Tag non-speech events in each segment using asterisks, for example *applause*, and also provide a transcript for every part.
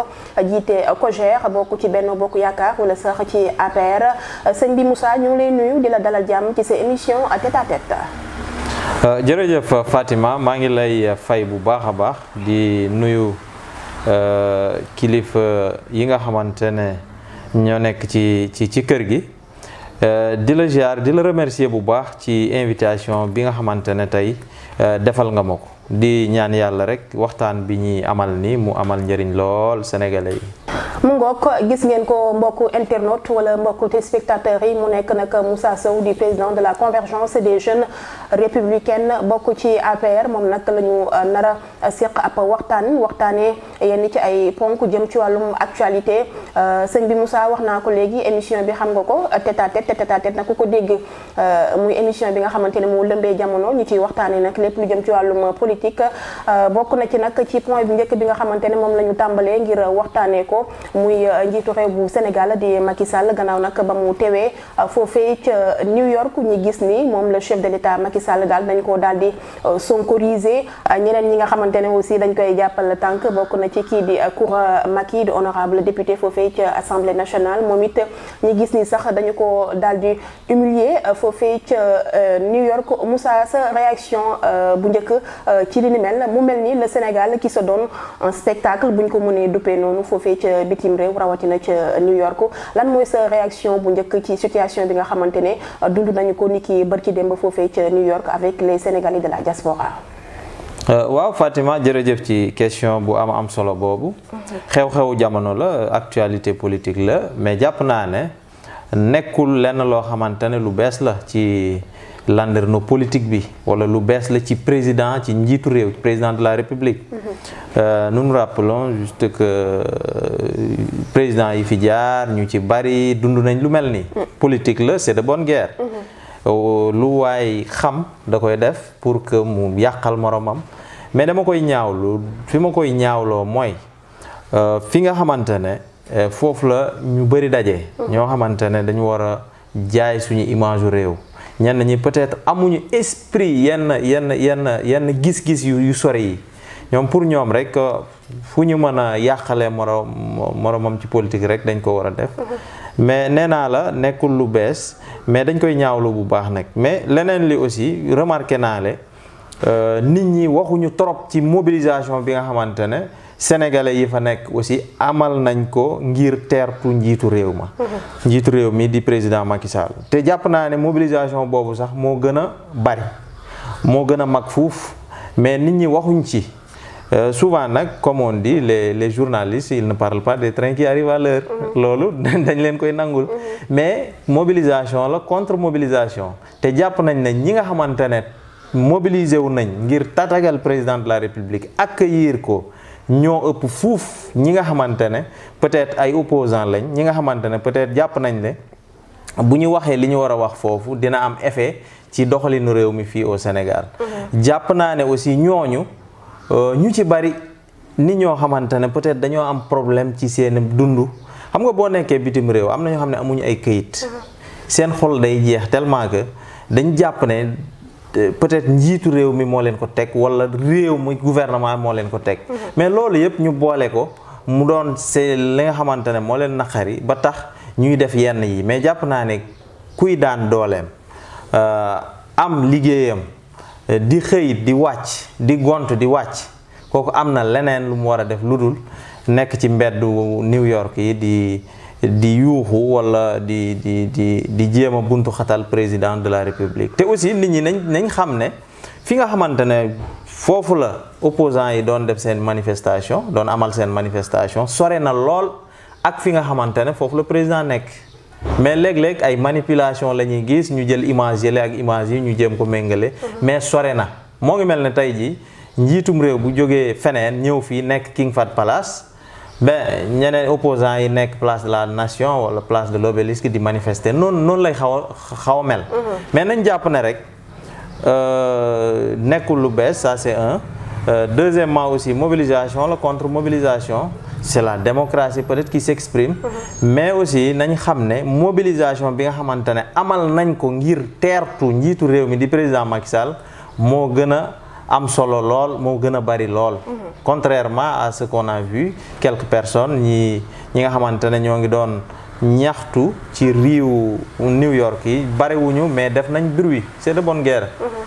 a jiite COJER bokk ci benn Bokk Yaakaar wala sax ci APR sëñ bi Moussa ñu ngi lay nuyu di la dalal jàmm ci sa émission tête à tête. Euh, jërëjëf Fatima maa ngi lay fay bu baax a baax di nuyu euh, kilifa yi nga xamante ne ñoo nekk ci ci ci kër gi. Euh, di la ziar di la remercier bu baax ci invitation bi nga xamante ne tey euh, defal nga ma ko di ñaan yàlla rek waxtaan bi ñuy amal ni mu amal njëriñ lool sénégalais yi mu ngoog gis ngeen ko mbokku internet wala mbokku spectateur yi mu nekk nak Moussa Sow du président de la convergence des jeunes républicaines bokk ci APR mom nak lañu nara euh, nar ap seq ab waxtaan yenn ci ay ponk jëm ci walum actualité euh, sëñ bi Moussa waxna ko légui émission bi xam nga ko tête à tête tête à tête nag ko dégg euh, muy émission bi nga xamante mo moo jamono ñi ci waxtaanee nak lépp lu jëm ci walum politique bokku na ci nak ci point bi njëkk bi nga xamante mom lañu tambalé ngir waxtaanee ko muy euh, njiitu réew bu Sénégal di Macky Sall gannaaw nak ba mu téwé fofé ci New York ñi gis ni mom le chef de l'État Macky Sall dal dañ ko daldi di euh, euh, ñeneen ñi nga xamantene aussi dañ koy jàppal tank bokku na ci ki di cour Macky de honorable député fofé ci Assemblée nationale momit ñi gis ni sax dañ ko daldi humilier fofé ci New York Moussa sa réaction bu njëkk ci li ni mel mu melni le Sénégal qui se donne un spectacle buñ ko mënee duppee nonu fofé ci bitim réew rawatina ci New York lan moy sa réaction bu ñëk ci situation bi nga xamantene ne euh, nañu ko niki barki bërki fofé ci New York avec les Sénégalais de la diaspora euh, waaw Fatima jërëjëf ci question bu am am solo bobu xew-xewu jamono la actualité politique la mais japp naa ne nekkul lenn loo xamante lu bees la ci landerneau politique bi wala lu bees la ci président ci njiitu réew président de la république mhm. euh, nous nous rappelons juste que euh, président yi fi jaar ñu ci bari dund nañ lu mel ni mhm. politique la c'est de bonne guerre mhm. euh, lu waay xam da koy def pour que mu yàqal moromam mais dama koy ñaawlu fi ma koy ñaawloo mooy fi nga xamante ne foofu la ñu bëri daje ñoo xamante ne dañu war a jaay suñu image réew ñenn ñi peut-être amuñu esprit yenn yenn yenn yenn gis-gis yu sore yi ñoom pour ñoom rek euh, fu ñu mën a yàqalee moro moromam ci politique rek dañ ko war a def mais nee naa la nekkul lu bees mais dañ koy ñaawlu bu baax nag mais leneen li aussi remarqué naa le euh, nit ñi waxuñu trop ci mobilisation bi nga xamante ne sénégalais yi fa nekk aussi amal nañ ko ngir teertu njiitu réew ma njiitu réew mii di président Macky te jàpp naa ne mobilisation boobu sax moo gën a bari moo gën a mag fuuf mais nit ñi waxuñ ci Euh, souvent nag comme di dit les les journalistes parle ne pas des trains qui arrivent mm-hmm. loolu *laughs* dañ leen koy nangul mm-hmm. mais mobilisation la contre mobilisation te jàpp nañ ne ñi nga xamante ne mobilisé wu nañ ngir tatagal président de la république ak yiir ko ñoo ëpp fuuf ñi nga xamante ne peut-être ay opposants lañ ñi nga xamante ne peut-être jàpp nañ ne bu ñu waxee li ñu war a wax foofu dina am effet ci doxalinu réew mi fii au Sénégal. Mhm. jàpp naa ne aussi ñooñu euh, ñu ci bari ni ñoo xamante ne peut-être dañoo am problème ci seen dund xam nga boo nekkee bitim réew am na ñoo xam ne amuñu ay këyit. Mhm. seen xol day jeex tellement que dañ jàpp ne. peut-être njiitu réew mi moo leen ko teg wala réew mi gouvernement moo leen ko teg mhm. mais loolu yëpp ñu boole ko mu doon see li nga xamante ne moo leen naqari ba tax ñuy def yenn yi mais jàpp naa ne kuy daan dooleem euh, am liggéeyam euh, di xëy di wàcc di gont di wàcc kooku am na leneen lu mu war a def lu dul nekk ci mbedd New York yi di di yuuxu wala di di di di jéem a buntu xatal président de la république te aussi nit ñi nañ nañ xam ne fi nga xamante ne foofu la opposants yi doon def seen manifestation doon amal seen manifestation sore na lool ak fi nga xamante ne foofu la président nekk mais léeg-léeg ay manipulation la ñuy gis ñu jël image yële ak image yi ñu jéem ko méngale mais sore na moo ngi mel ne tey ji njiitum réew bu jógee feneen ñëw fii nekk King Fahd Palace ben des opposants yi place de la nation la place de l'obélisque qui manifester Nous, ne lay xaw mhm. mais nous avons ne rek euh, ça c'est un euh, deuxièmement aussi mobilisation la contre mobilisation c'est la démocratie peut-être qui s'exprime. Mhm. mais aussi mobilisation bi amal am solo lol mo gëna bari lol mhm. contrairement à ce qu'on a vu quelques personnes ñi ñi nga xamantene ne ngi doon ñaxtu ci riiw New York yi wuñu mais def nañ bruit c'est de bonne guerre. Mhm.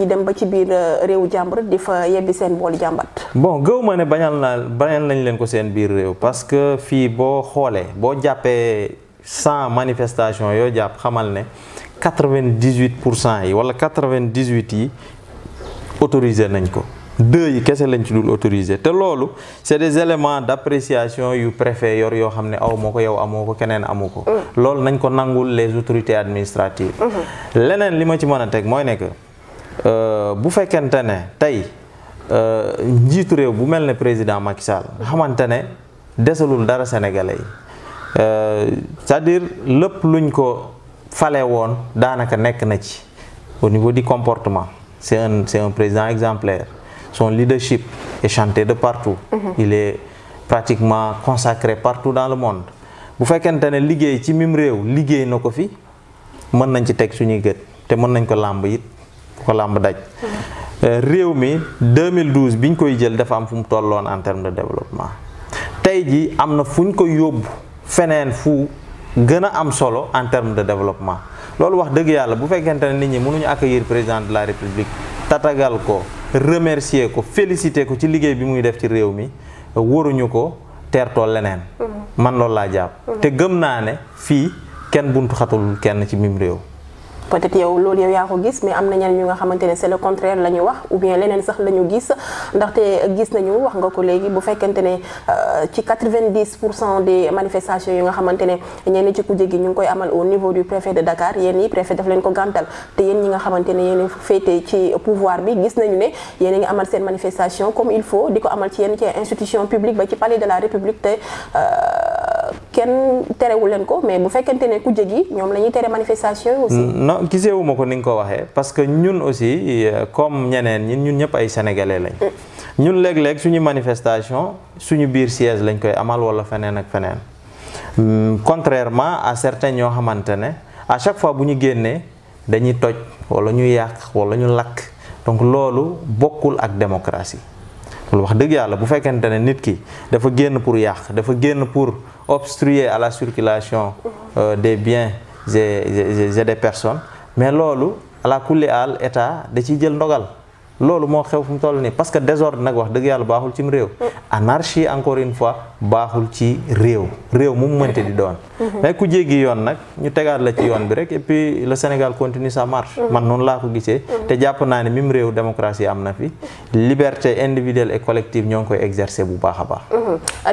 ñi dem ba ci biir euh, réewu jàmbur di fa yebbi seen boolu jàmbat. bon gëw ma ne bañal naa bañal nañ leen ko seen biir réew parce que fii boo xoolee boo jàppee cent manifestation yoo jàpp xamal ne quatre vingt dix pour cent yi wala quatre vingt dix yi autorisé nañ ko. deux yi kese lañ ci dul autorisé te loolu c'est des éléments d'appréciation yu préfet yoo xam ne aw moo ko yow amoo ko keneen amu ko mm. loolu nañ ko nangul les autorités administratives mm-hmm. leneen li ma ci mën a teg mooy nekk Euh, bu fekkente ne tey euh, njiitu réew bu mel ne président Macky Sall Comment ne desalul dara sénégalais yi euh, c'est-à-dire lépp luñ ko fale woon daanaka nekk na ci au niveau du comportement c'est un c'est un président exemplaire son leadership est chanté de partout mhm. il est pratiquement consacré partout dans le monde bu faites ne liggéey ci mim réew liggéey na ko fi mën nañ ci teg suñuy gët te mën nañ ko làmb it ko lamb daj eh, rew mi 2012 biñ koy jël dafa am fum mu en terme de développement tay ji am fuñ ko yob fenen fu gëna am solo en terme de développement lolou wax deug yalla bu fekkente ni nit ñi mënuñu accueillir président de la république tatagal ko remercier ko féliciter ko ci liggéey bi muy def ci rew mi woruñu ko to lenen mm-hmm. man loolu la japp mm-hmm. te gëm ne fi kenn buntu xatul kenn ci mim rew peut-être yow loolu yow yaa ko gis mais amna na ñu nga xamantene c'est le contraire lañu wax ou bien lenen sax lañu ñu ndax té gis nañu wax nga ko légui bu fekkante né euh, ci 90 des manifestations yi nga xamantene ne ci kujé gi ñu koy amal au niveau du préfet de Dakar yéen yi préfet daf leen ko gantal té yéen ñi nga xamantene ne fété ci pouvoir bi gis nañu né yéen nga amal sen manifestation comme il faut diko amal ci yenn ci institution publique ba ci palais de la République té kenn terewu leen ko mais bu fekkente ne ku jéggi ñoom lañuy ñuy tere manifestation yi aussi. Mm, non giseewu ko ni nga ko waxee parce que ñun aussi euh, comme ñeneen ñi ñun ñëpp ay sénégalais lañ. Mm. ñun léeg-léeg suñu manifestation suñu biir siège lañ koy amal wala feneen ak feneen mm, contrairement à certains ñoo xamante ne à chaque fois bu ñu génnee dañuy toj wala ñu yàq wala ñu lakk donc loolu bokkul ak démocratie. loolu wax deug yalla bu fekkente ne nit ki dafa génn pour yàq dafa génn pour obstruer à la circulation euh, des biens et des personnes mais lolu à la kulli al état da ci jël ndogal lolu mo xew fum toll ni parce que désordre nak wax deug yalla baxul cim réew anarchie encore une fois baaxul ci réew réew mu mu mënte di doon mhm. mais ku jéggi yoon nag ñu tegaat la ci yoon bi rek et puis le Sénégal continue sa marche mhm. man noonu laa ko gisee mhm. te jàpp naa ne même réew démocratie am na fi liberté individuelle et ñoo ngi koy exercer bu baax a baax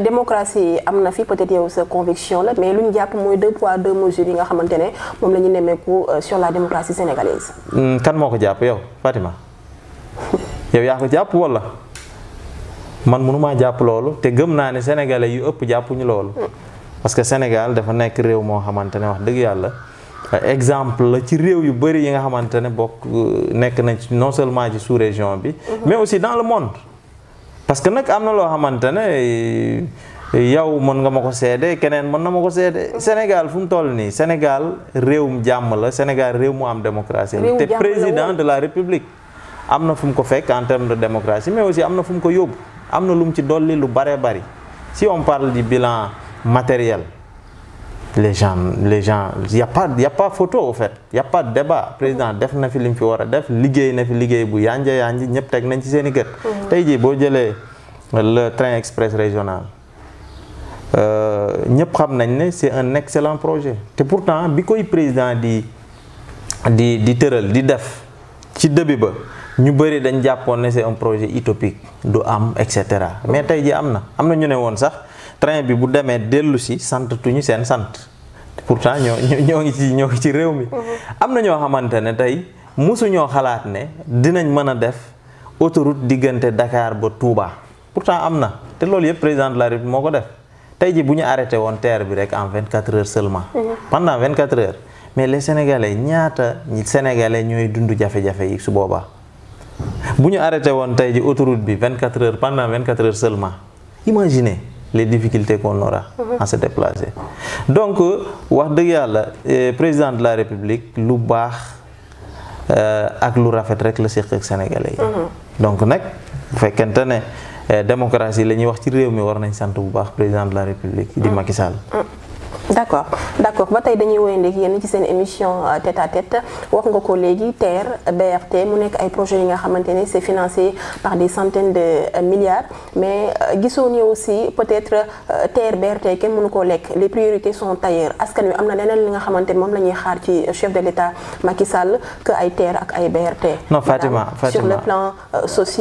démocratie am na fi peut-être yow sa conviction la mais lu ñu jàpp mooy deux poids deux mesures yi nga xamante ne moom la ñu nemmeeku euh, sur la démocratie sénégalaise hmm, kan moo ko jàpp yow Fatima *laughs* yow yaa ko jàpp walla man mënumaa jàpp loolu te gëm naa ne sénégalais yu ëpp jàppuñu loolu. parce que Sénégal dafa nekk réew moo xamante ne wax dëgg yàlla exemple la ci réew yu bëri yi nga xamante ne bokk nekk nañ ci non seulement ci sous-région bi. Mhm. mais aussi dans le monde. parce que nag am na loo xamante ne yow mën nga ma ko seede keneen mën na ma ko seede Sénégal fu mu toll nii Sénégal réew réewum jàmm la Sénégal réew mu am démocratie la. te président de la république am na fu mu ko fekk en terme de démocratie mais aussi am na fu mu ko yóbbu. amna na ci dolli lu bare bare si on parle du bilan matériel les gens les gens y a pas y a pas photo au fait y a pas débat président def na fi lim fi wara def liguey na fi liguey bu yanja yanji ñep tek nañ ci seen i gët. Mmh. tey bo boo le train express régional euh, ñep xam nañ ne c'est un excellent projet te pourtant bi koy président di di di tëral di def ci début ba. ñu bëri dañ jàppoon ne c'est un projet utopique du am et cetera mais tey ji am na am na ñu ne woon sax train bi bu demee dellusi si sant tuñu seen sant pourtant ñoo ñoo ngi ci ñoo ci réew mi. Mm-hmm. am na ñoo xamante ne tey mosuñoo xalaat ne dinañ mën a def autoroute diggante Dakar ba Touba pourtant am na te loolu yëpp président la République moo ko def tey ji bu ñu arrêté woon terre bi rek en vingt quatre heures seulement. Mm-hmm. pendant vingt quatre heures mais les sénégalais ñaata ñi sénégalais ñooy dund jafe-jafe su boobaa. Si nous arrêté l'autoroute 24 heures pendant 24 heures seulement imaginez les difficultés qu'on aura à se déplacer donc le eh, président de la république lu a eh, ak lu rafet rek sénégalais mhm. donc il faut fekkente eh, démocratie la wax ci réew war président de la république di mhm. Macky mhm. D'accord, d'accord. d' accord ba tey dañuy C'est une émission euh, tête à tête wax nga ko léegi TER BRT mu nekk ay projets yi nga xamante financé par des centaines de euh, milliards mais euh, gisoo aussi peut être TER BRT qui mënu collègue. les priorités sont ailleurs est ce que nous avons li nga xamante ne moom xaar chef de l'État Macky Sall que ay TER ak BRT. non Fatima Fatima sur le plan social.